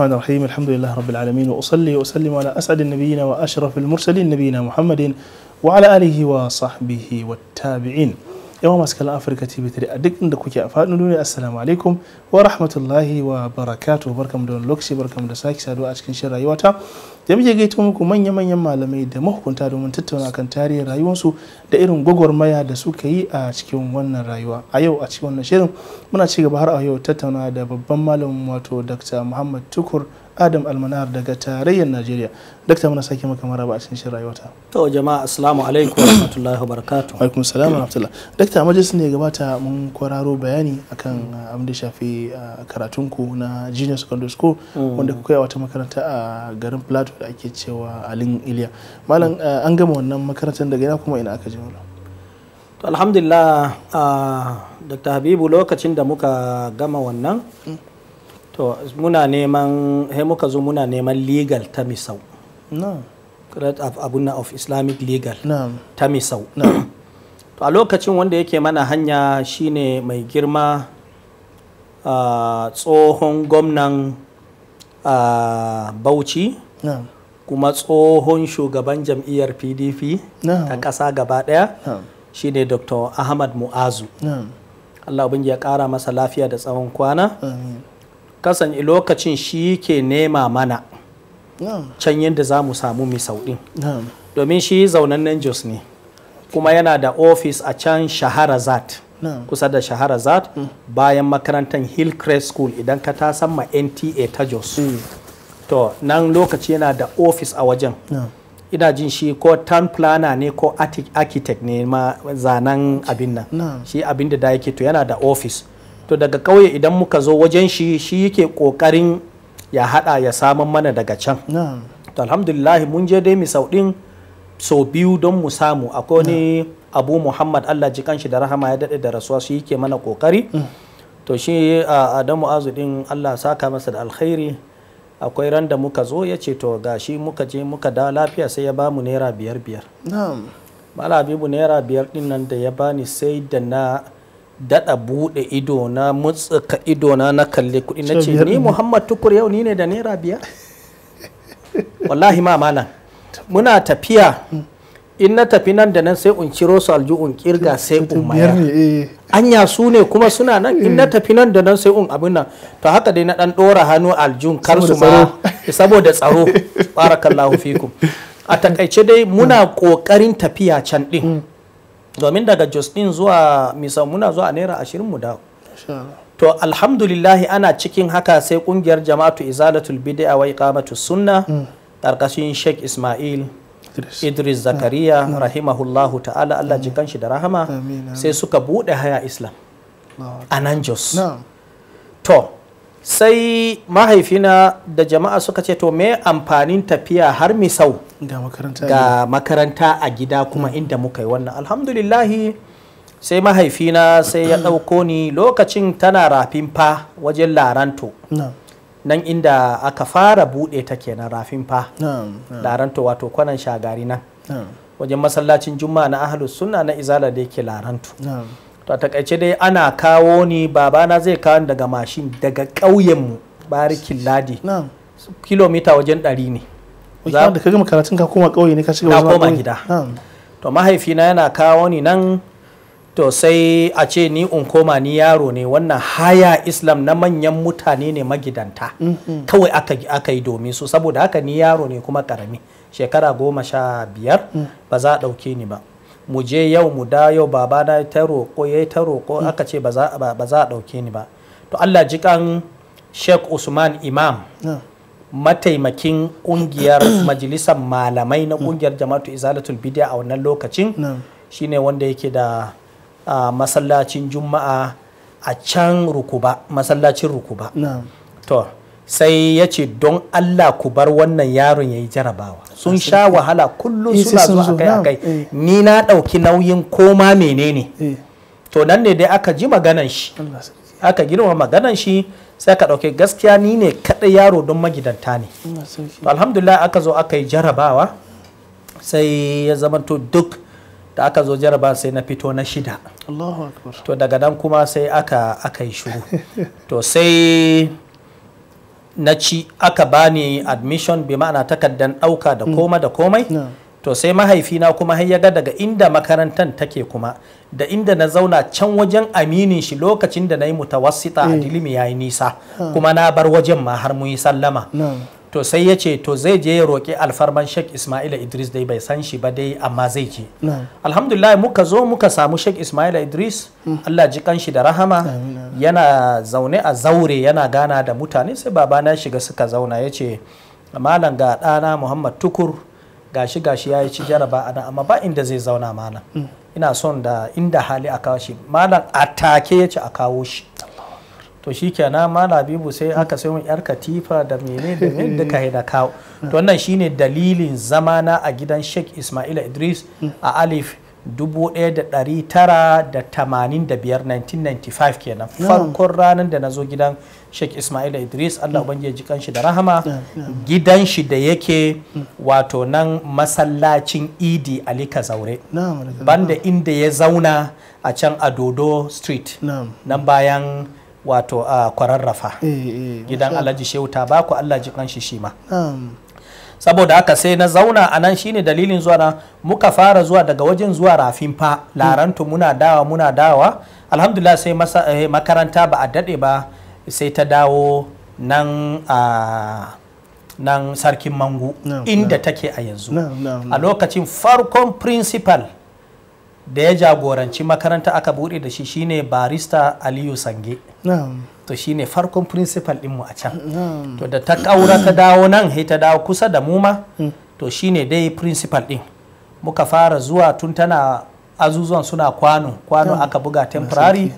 الرحمن الرحيم الحمد لله رب العالمين وأصلي وأسلم على أسعد النبيين وأشرف المرسلين نبينا محمد وعلى آله وصحبه والتابعين yawan masu kallon afirka tv 3 a duk inda kuke a faɗin duniya assalamu alaikum wa rahmatullahi wa barakatu barkamu da wani lokaci barkamu da sake saduwa a cikin shirin rayuwata da muke gaito muku manya-manyan malamai da mahukunta domin tattauna kan tarihin rayuwarsu da irin gwagwarmaya da suka yi a cikin wannan rayuwa a yau a cikin wannan shirin muna ci gaba har a yau tattauna da babban malamin wato dr muhammad tukur adam almanar daga tarayyar najeriya dakta muna sake maka maraba a cikin shirin rayuwata to jama'a assalamu alaikum warahmatullahi wabarakatuh wa alaikum assalam warahmatullahi dakta majalisin ne gabata mun kwararo bayani akan uh, abin da shafi uh, karatun ku na junior secondary school mm. wanda kuka yi wata makaranta a garin plateau da ake cewa alin iliya malam uh, an gama wannan makarantar daga ina kuma ina aka je wala alhamdulillah dr habibu lokacin da muka gama wannan mm. to muna neman he muka zo muna neman legal ta misau abun of islamic legal ta misau to a lokacin wanda yake mana hanya shine mai girma tsohon gwamnan bauchi kuma tsohon shugaban jam'iyyar pdp ta ƙasa gaba ɗaya shine dr ahmad mu'azu allah ya kara masa lafiya da tsawon kwana kasance lokacin shi ke nema mana can yadda za mu samu mai sauɗin domin shi zaunannen jos ne kuma yana da ofis a can shaharazat kusa da shaharazat mm. bayan makarantar hillcrest school idan ka ta san ma nta ta jos mm. to nan lokaci yana da ofis a wajen ina jin shi ko town planner ne ko architect ne ma zanen abin nan shi abin da da yake to yana da office to daga ƙauye idan muka zo wajen shi shi yake kokarin ya haɗa ya samun mana daga can to alhamdulillah mun je dai misau ɗin sau biyu don mu samu akwai wani abu muhammad allah ji shi da rahama ya daɗe da rasuwa shi yake mana ƙoƙari mm. to shi adamu azu ɗin allah saka masa da alkhairi akwai ran da muka zo ya ce to gashi muka je muka da lafiya sai ya bamu naira biyar biyar malabi habibu naira biyar ɗin nan da ya bani sai da na daɗa buɗe ido na mutsuka ido na na kalle kuɗi na ce ni muhammad tukur yau ni ne da naira biyar wallahi ma malam muna tafiya in na tafi nan da nan sai in ciro su Alju un kirga sai in mayar eh. anya su ne kuma suna nan in na eh. tafi nan da nan sai in abin nan to haka dai na dan dora hannu aljun kar su ma saboda tsaro barakallahu fikum a takaice dai muna kokarin hmm. tafiya can din hmm. domin daga jos din zuwa misa muna zuwa a naira ashirin mu da. to alhamdulillahi ana cikin haka sai kungiyar jama'atu izalatul bid'a wa iqamatu sunna karkashin mm. sheikh ismail idris zakariya mm. Mm. rahimahullahu ta'ala allah jikan shi da rahama sai suka bude haya islam a nan jos to sai mahaifina da jama'a suka ce to me amfanin tafiya har misau ga makaranta a gida kuma mm. inda muka yi wannan alhamdulillahi sai mahaifina sai ya ɗauko ni lokacin tana rafin fa wajen laranto nan inda aka fara buɗe ta kenan rafin fa laranto wato kwanan shagari nan wajen masallacin juma'a na ahlus suna na izala da yake laranto to takaice dai ana kawo ni babana zai kawo daga mashin daga ƙauyenmu barikin ladi kilomita wajen ɗari ne da ka gama karatun ka koma ƙauye ne ka shiga koma to mahaifina yana kawo ni nan to sai a ce ni in koma ni yaro ne wannan haya islam na manyan mutane ne magidanta kawai aka yi domin su saboda haka ni yaro ne kuma karami shekara goma sha biyar mm. ba za a ɗauke ni ba mu je yau mu da yau baba na ta roƙo ya ta roƙo mm. aka ce ba za a ɗauke ni ba to allah jikan sheikh usman imam mataimakin kungiyar majalisar malamai na kungiyar jama'atu izalatul bidiya a wannan lokacin shine wanda yake da masallacin juma'a a can rukuba masallacin rukuba to sai ya ce don allah ku bar wannan yaron ya yi jarabawa sun sha wahala kullum eh, suna zuwa akai akai eh. ni na ɗauki nauyin koma menene eh. to nan ne dai aka ji maganan shi aka girma maganan shi sai ka ɗauke gaskiya ni ne kaɗai yaro don magidanta ne alhamdulillah aka zo aka yi jarabawa sai ya zamanto duk da aka zo jaraba sai na fito na shida to daga nan kuma sai aka aka yi shuru to sai na ci aka bani admission bi ma'ana takardan ɗauka da koma da komai to sai mahaifina kuma har ya ga daga inda makarantar take kuma da inda na zauna can wajen aminin shi lokacin da na yi mutawassita a mm. dilimi ya yi nisa kuma na bar wajen ma har mu yi sallama to sai ya ce to zai je ya roƙi alfarman sheikh ismaila idris dai bai san shi ba dai amma zai je alhamdulillah muka zo muka samu sheikh ismaila idris mm. allah ji shi da rahama yana zaune a zaure yana gana da mutane sai babana shiga suka zauna ya ce malam ga ɗana muhammad tukur gashi gashi ya yi ci jaraba a nan amma ba inda zai zauna mana mm. ina son da inda hali a kawo shi malam a take ya ci a kawo shi to shi kenan malam bibu sai mm. aka sai mun yar katifa da mene da mene duka yi da kawo mm. to wannan shine dalilin zamana a gidan sheikh ismaila idris a alif 1995 kenan farkon ranar da na zo gidan sheikh ismail idris allah ubangi ya ji kanshi da rahama gidan shi da yake wato nan masallacin idi ali kazaure banda inda ya zauna a can a dodo street nan bayan wato a kwararrafa eh, eh, gidan alhaji shehu baku allah ji kanshi shi ma saboda haka sai na zauna a nan shine dalilin zuwa na muka fara zuwa daga wajen zuwa rafin fa larantu muna dawa muna dawa alhamdulillah sai eh, makaranta ba a daɗe ba sai ta dawo nan a nan sarkin mangu inda take a yanzu a lokacin farkon principal da ya jagoranci makaranta aka bude da shi shine barista aliyu sange to shine farkon principal dinmu a can to da ta kaura ta dawo nan sai ta dawo kusa da mu ma mm. to shine dai principal ɗin muka fara zuwa tun tana azuzuwan suna kwano kwano aka buga temporary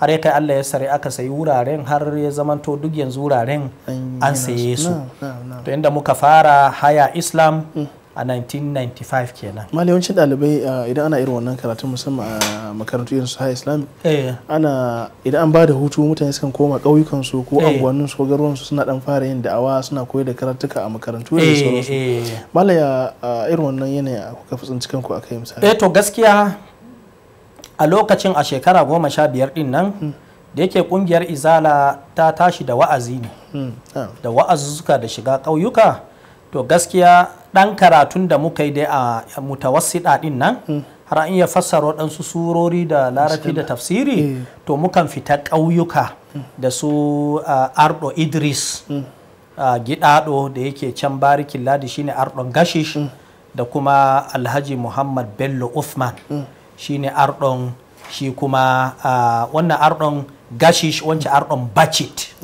har ya kai allah ya sare aka sayi wuraren har ya zamanto duk yanzu wuraren an saye su to inda muka fara haya islam mm. a 1995 kenan mali yawancin dalibai uh, idan ana irin wannan karatu musamman a makarantu irin su high islamic eh. ana idan an ba da hutu mutane sukan koma ƙauyukan su ko eh. anguwannin su ko garuwan su suna dan fara yin da'awa suna koyar da karatuka a makarantu da eh, sauransu mali ya uh, irin wannan yanayi kuka fi tsinci a kai misali eh to gaskiya a lokacin a shekara goma sha biyar din nan hmm. da yake kungiyar izala ta tashi da wa'azi ne hmm. ah. da wa'azuzzuka da shiga ƙauyuka to gaskiya ɗan karatun da muka yi dai a mutawassida ɗin nan har an iya fassara waɗansu surori da larabi da tafsiri eh. to mukan fita ƙauyuka da su ardo idris mm. gidaɗo da yake can barikin ladi shine ardon gashish mm. da kuma alhaji muhammad bello uthman mm. shine ardon shi kuma wannan ardon gashish wancan ardon bacit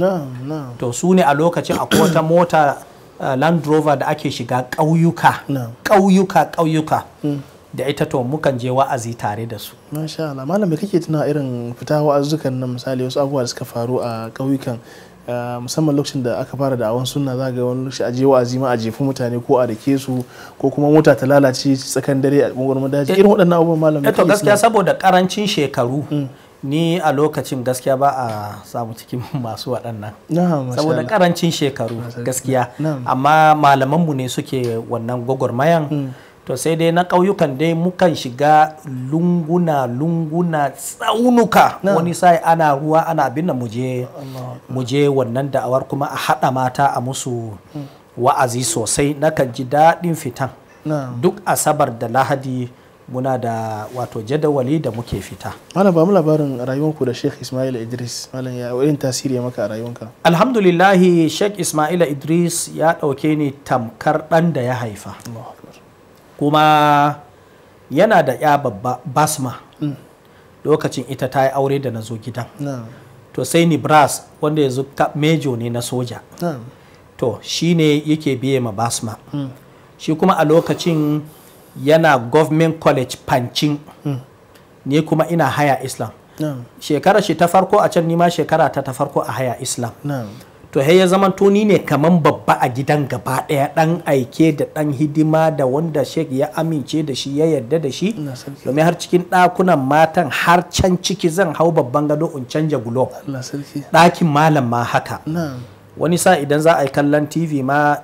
to su ne a lokacin akwai wata mota Uh, land rover da ake shiga ƙauyuka ƙauyuka ƙauyuka mm. da ita to mukan je wa'azi tare da su masha Allah malam me kake tuna irin fita wa'azukan nan misali wasu abubuwa da suka faru a ƙauyukan uh, musamman lokacin da aka fara da awon sunna za ga wani lokaci a je wa'azi ma a jefi mutane ko a dake su ko kuma mota ta lalace tsakan dare a gungun daji eh, irin waɗannan abubuwan malam eh, to gaskiya saboda karancin shekaru mm. ni a lokacin gaskiya ba a samu cikin masu waɗannan saboda karancin shekaru gaskiya amma malamanmu ne suke wannan gwagwarmayan hmm. to sai dai na ƙauyukan dai mukan shiga lunguna lunguna tsaunuka wani sai ana ruwa ana abin da muje wannan da'awar kuma a haɗa mata a musu hmm. wa'azi sosai nakan ji daɗin fitan duk asabar da lahadi muna da wato jadawali da muke fita. Mana ba mu labarin rayuwanku da Sheikh Ismail Idris, malam ya irin tasiri maka a rayuwanka. Alhamdulillah Sheikh Ismail Idris ya dauke ni tamkar dan da ya haifa. Kuma yana da ya babba basma mm. lokacin ita ta yi aure da nazo zo gidan. To sai ni brass wanda yanzu mejo ne na soja. To shi ne yake biye ma basma. Mm. Shi kuma a lokacin yana government college pancin ne kuma ina haya islam shekara shi ta farko a can nima shekara ta ta farko a haya islam to he ya zama tuni ne kaman babba a gidan gaba daya dan aike da dan hidima da wanda sheik ya amince da shi ya yarda da shi domin har cikin dakunan matan har can ciki zan hau babban gado in canja gulo dakin malam ma haka wani sa idan za a yi kallon tv ma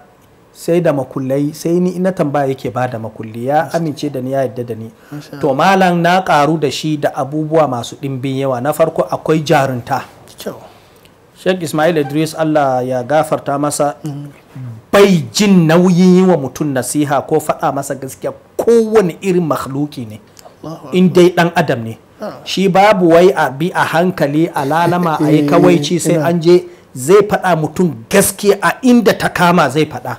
sai da makullai sai ni ina tambaya yake ba da makulli ya amince da ni ya yadda da ni to malam na karu da shi da abubuwa masu dimbin yawa na farko akwai jarunta Sheikh Ismail Idris Allah ya gafarta masa mm. bai jin nauyin yi wa mutum nasiha ko faɗa masa gaskiya kowane irin makhluki ne in dai dan adam ne ah. shi babu wai a bi a hankali a lalama a yi eh, kawaici sai an je zai faɗa mutum gaskiya a inda ta kama zai faɗa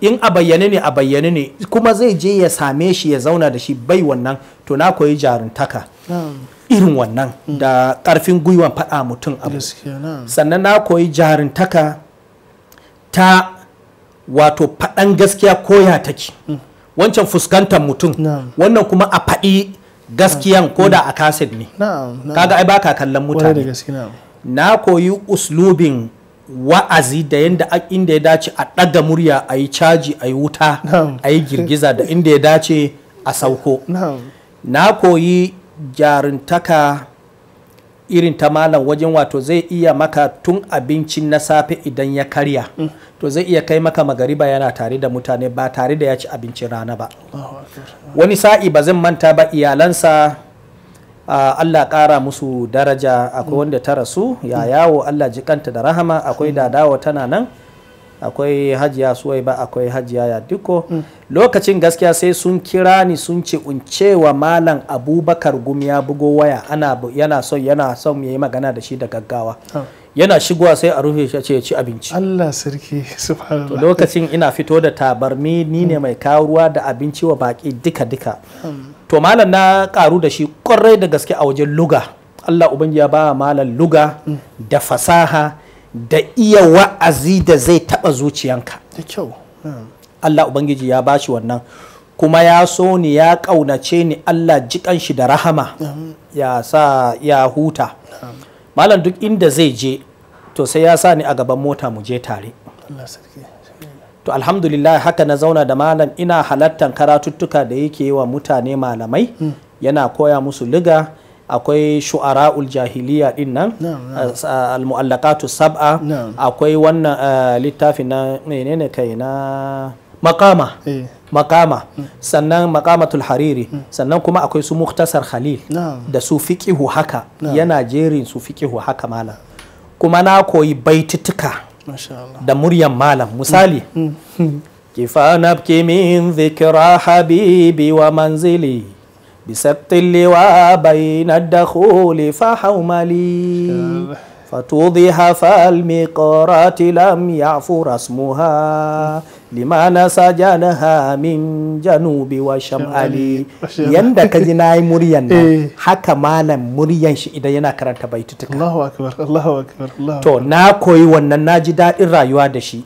in a bayyane ne a bayyane ne kuma zai je ya same shi ya zauna da shi bai wannan to na koyi jaruntaka irin wannan da ƙarfin gwiwan faɗa mutum abu sannan na koyi jaruntaka ta wato faɗan gaskiya koya take mm. wancan fuskantar mutum wannan kuma a faɗi gaskiyan da a kaset ne kaga ai baka kallon mutane na koyi uslubin wa'azi da yadda inda ya dace a ɗaga murya a yi caji a yi wuta a yi girgiza da inda ya dace a sauko na koyi jarintaka irin ta malam wajen wato zai iya maka tun abincin na safe idan ya karya mm. to zai iya kai maka magariba yana tare da mutane ba tare da ya ci abincin rana ba wani sa'i ba zan manta ba iyalansa Ah, Allah ƙara musu daraja akwai wanda ta rasu ya yawo Allah jikanta da rahama akwai mm. dadawa tana nan akwai hajiya suwai ba akwai hajiya ya mm. lokacin gaskiya sai sun kira ni sun ce uncewa malam abubakar gumi ya bugo waya ana yana son yana son ya yi magana da shi da gaggawa yana shigowa sai a rufe shi ce ci abinci Allah sarki subhanallah lokacin ina fito da tabarmi ni ne mai kawo ruwa da abinci wa baki duka duka hmm. to malam na karu da shi kwarai da gaske a wajen luga Allah ubangi ya ba malam luga da fasaha da iya wa'azi da zai taba zuciyanka da kyau Allah ubangiji ya bashi wannan kuma ya so ni ya kaunace ni Allah jikan shi da rahama ya sa ya huta malam duk inda zai je to sai ya sa ni a gaban mota mu je tare Allah to alhamdulillah haka na zauna da malam ina halattan karatuttuka da yake wa mutane malamai hmm. yana koya musu liga akwai shu'ara jahiliya din nan sab'a akwai wannan littafi na menene kai na makama eh. hmm. sannan makamatul hariri hmm. sannan kuma akwai su muktasar khalil da su fiqihu haka yana jerin su fiqihu haka malam kuma na koyi baitutuka da muryan malam misali kifa nabki min zikra habibi wa manzili بسبط اللواء بين الدخول فحوملي فتوضح فالمقارات لم يعفر اسمها lima na sa janaha min janubi wa shamali yanda ka ji yi muryan nan haka malam muryan shi idan yana karanta baitutuka Allahu akbar Allahu akbar Allahu to na koyi wannan ji daɗin rayuwa da shi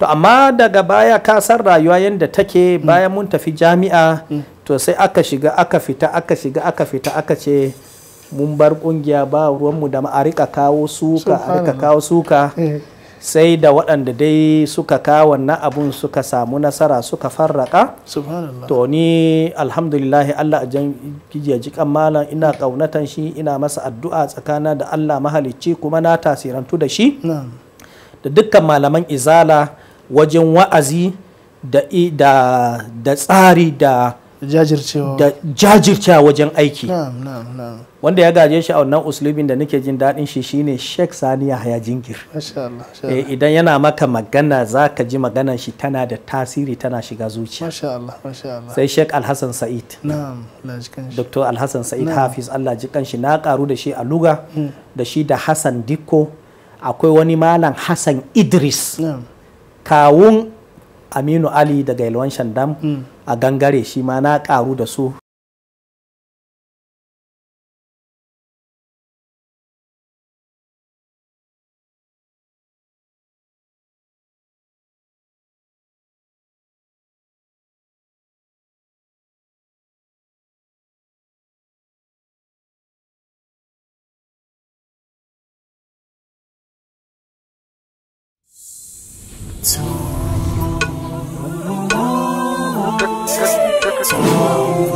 to amma daga baya ka san rayuwa yanda take bayan mun tafi jami'a to sai aka shiga aka fita aka shiga aka fita aka ce mun bar kungiya ba ruwanmu da ma a rika kawo suka a rika kawo suka sai da waɗanda dai suka kawo wannan abun suka samu nasara suka farraka to ni alhamdulillahi Allah a ya ji malam ina ƙaunatan shi ina masa addu'a tsakana da Allah mahalicci kuma na tasirantu da shi da dukkan malaman izala wajen wa'azi da tsari da da jajircewa wajen aiki wanda ya gaje shi a wannan uslubin da nake jin daɗin shi shine Sheikh Sani Yahya jinkir eh, idan yana maka magana za ka ji magana shi tana da tasiri tana shiga zuciya sai Sheikh Alhassan Sa'id Dr. Alhassan Sa'id Hafiz Allah ji kanshi na karu da shi a Luga hmm. da shi da Hassan Dikko akwai wani malam Hassan Idris kawun aminu ali daga ilwan shandam mm. a gangare shi ma na karu da su So. So.